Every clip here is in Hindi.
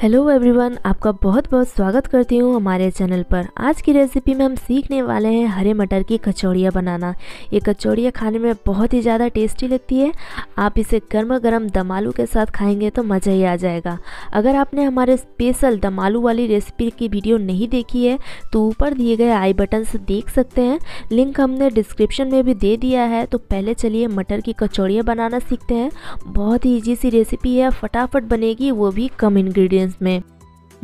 हेलो एवरीवन आपका बहुत बहुत स्वागत करती हूँ हमारे चैनल पर आज की रेसिपी में हम सीखने वाले हैं हरे मटर की कचौड़ियाँ बनाना ये कचौड़ियाँ खाने में बहुत ही ज़्यादा टेस्टी लगती है आप इसे गर्मा गर्म दम आलू के साथ खाएंगे तो मज़ा ही आ जाएगा अगर आपने हमारे स्पेशल दम आलू वाली रेसिपी की वीडियो नहीं देखी है तो ऊपर दिए गए आई बटन से देख सकते हैं लिंक हमने डिस्क्रिप्शन में भी दे दिया है तो पहले चलिए मटर की कचौड़ियाँ बनाना सीखते हैं बहुत ही ईजी सी रेसिपी है फटाफट बनेगी वो भी कम इन्ग्रीडियंट इंग्रेडिएंट्स में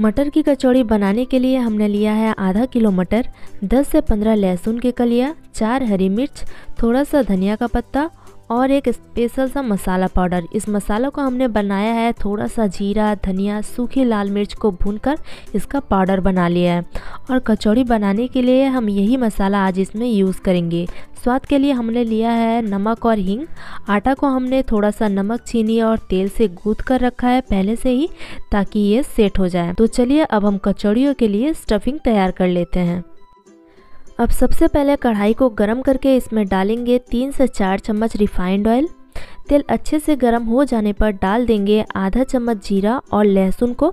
मटर की कचौड़ी बनाने के लिए हमने लिया है आधा किलो मटर 10 से 15 लहसुन के कलिया चार हरी मिर्च थोड़ा सा धनिया का पत्ता और एक स्पेशल सा मसाला पाउडर इस मसाला को हमने बनाया है थोड़ा सा जीरा धनिया सूखी लाल मिर्च को भूनकर इसका पाउडर बना लिया है और कचौड़ी बनाने के लिए हम यही मसाला आज इसमें यूज़ करेंगे स्वाद के लिए हमने लिया है नमक और हींग आटा को हमने थोड़ा सा नमक चीनी और तेल से गूद कर रखा है पहले से ही ताकि ये सेट हो जाए तो चलिए अब हम कचौड़ियों के लिए स्टफिंग तैयार कर लेते हैं अब सबसे पहले कढ़ाई को गर्म करके इसमें डालेंगे तीन से चार चम्मच रिफाइंड ऑयल तेल अच्छे से गर्म हो जाने पर डाल देंगे आधा चम्मच जीरा और लहसुन को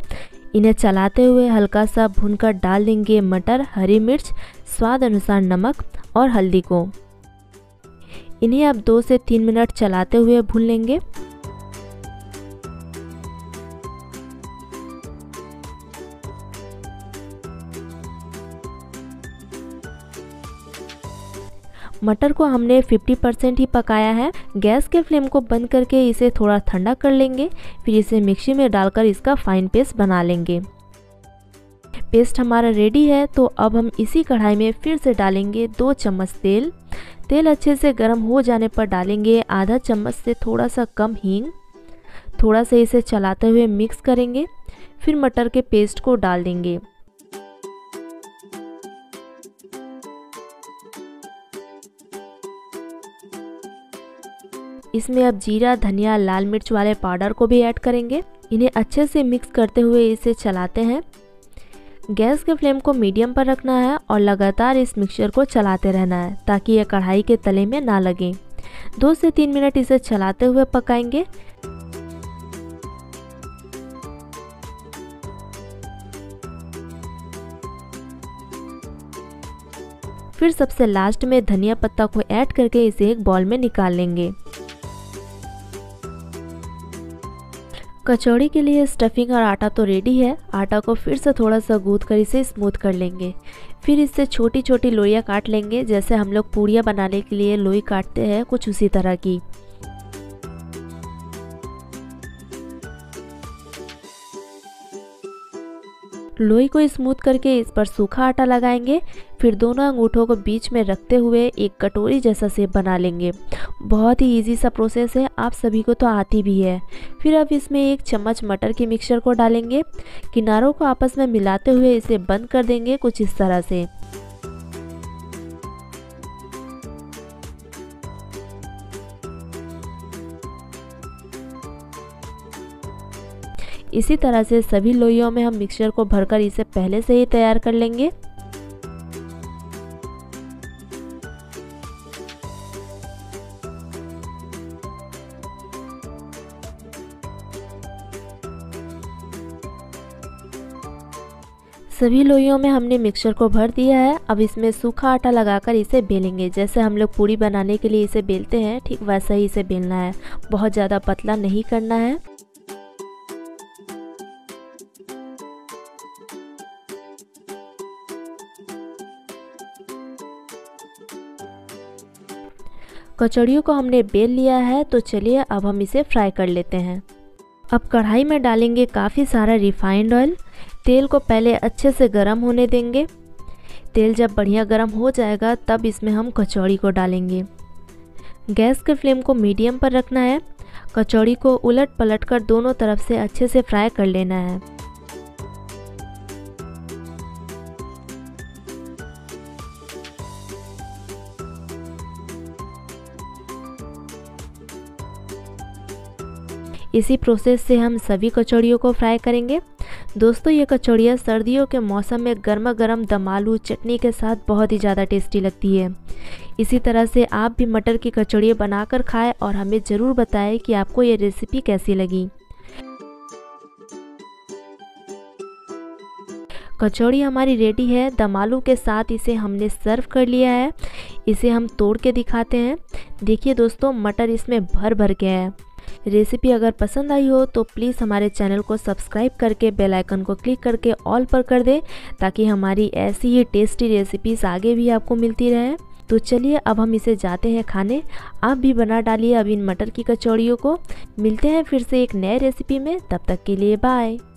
इन्हें चलाते हुए हल्का सा भूनकर डाल देंगे मटर हरी मिर्च स्वाद अनुसार नमक और हल्दी को इन्हें अब दो से तीन मिनट चलाते हुए भून लेंगे मटर को हमने 50 परसेंट ही पकाया है गैस के फ्लेम को बंद करके इसे थोड़ा ठंडा कर लेंगे फिर इसे मिक्सी में डालकर इसका फाइन पेस्ट बना लेंगे पेस्ट हमारा रेडी है तो अब हम इसी कढ़ाई में फिर से डालेंगे दो चम्मच तेल तेल अच्छे से गर्म हो जाने पर डालेंगे आधा चम्मच से थोड़ा सा कम हींग थोड़ा सा इसे चलाते हुए मिक्स करेंगे फिर मटर के पेस्ट को डाल देंगे इसमें अब जीरा धनिया लाल मिर्च वाले पाउडर को भी ऐड करेंगे इन्हें अच्छे से मिक्स करते हुए इसे चलाते हैं गैस के फ्लेम को मीडियम पर रखना है और लगातार इस मिक्सचर को चलाते रहना है ताकि यह कढ़ाई के तले में ना लगे दो से तीन मिनट इसे चलाते हुए पकाएंगे फिर सबसे लास्ट में धनिया पत्ता को ऐड करके इसे एक बॉल में निकाल लेंगे कचौड़ी के लिए स्टफिंग और आटा तो रेडी है आटा को फिर से थोड़ा सा गूद कर इसे स्मूथ कर लेंगे फिर इससे छोटी छोटी लोइयाँ काट लेंगे जैसे हम लोग पूड़ियाँ बनाने के लिए लोई काटते हैं कुछ उसी तरह की लोई को स्मूथ करके इस पर सूखा आटा लगाएंगे फिर दोनों अंगूठों को बीच में रखते हुए एक कटोरी जैसा सेप बना लेंगे बहुत ही इजी सा प्रोसेस है आप सभी को तो आती भी है फिर अब इसमें एक चम्मच मटर के मिक्सचर को डालेंगे किनारों को आपस में मिलाते हुए इसे बंद कर देंगे कुछ इस तरह से इसी तरह से सभी लोइयों में हम मिक्सचर को भरकर इसे पहले से ही तैयार कर लेंगे सभी लोइयों में हमने मिक्सचर को भर दिया है अब इसमें सूखा आटा लगाकर इसे बेलेंगे जैसे हम लोग पूड़ी बनाने के लिए इसे बेलते हैं ठीक वैसा ही इसे बेलना है बहुत ज़्यादा पतला नहीं करना है कचौड़ियों को हमने बेल लिया है तो चलिए अब हम इसे फ्राई कर लेते हैं अब कढ़ाई में डालेंगे काफ़ी सारा रिफाइंड ऑयल तेल को पहले अच्छे से गर्म होने देंगे तेल जब बढ़िया गर्म हो जाएगा तब इसमें हम कचौड़ी को डालेंगे गैस के फ्लेम को मीडियम पर रखना है कचौड़ी को उलट पलट कर दोनों तरफ से अच्छे से फ्राई कर लेना है इसी प्रोसेस से हम सभी कचौड़ियों को फ्राई करेंगे दोस्तों ये कचौड़ियाँ सर्दियों के मौसम में गर्मा गर्म दम आलू चटनी के साथ बहुत ही ज़्यादा टेस्टी लगती है इसी तरह से आप भी मटर की कचौड़ियाँ बनाकर खाएँ और हमें ज़रूर बताएं कि आपको ये रेसिपी कैसी लगी कचौड़ी हमारी रेडी है दम आलू के साथ इसे हमने सर्व कर लिया है इसे हम तोड़ के दिखाते हैं देखिए दोस्तों मटर इसमें भर भर गया है रेसिपी अगर पसंद आई हो तो प्लीज़ हमारे चैनल को सब्सक्राइब करके बेल आइकन को क्लिक करके ऑल पर कर दें ताकि हमारी ऐसी ही टेस्टी रेसिपीज़ आगे भी आपको मिलती रहे तो चलिए अब हम इसे जाते हैं खाने आप भी बना डालिए अब इन मटर की कचौड़ियों को मिलते हैं फिर से एक नए रेसिपी में तब तक के लिए बाय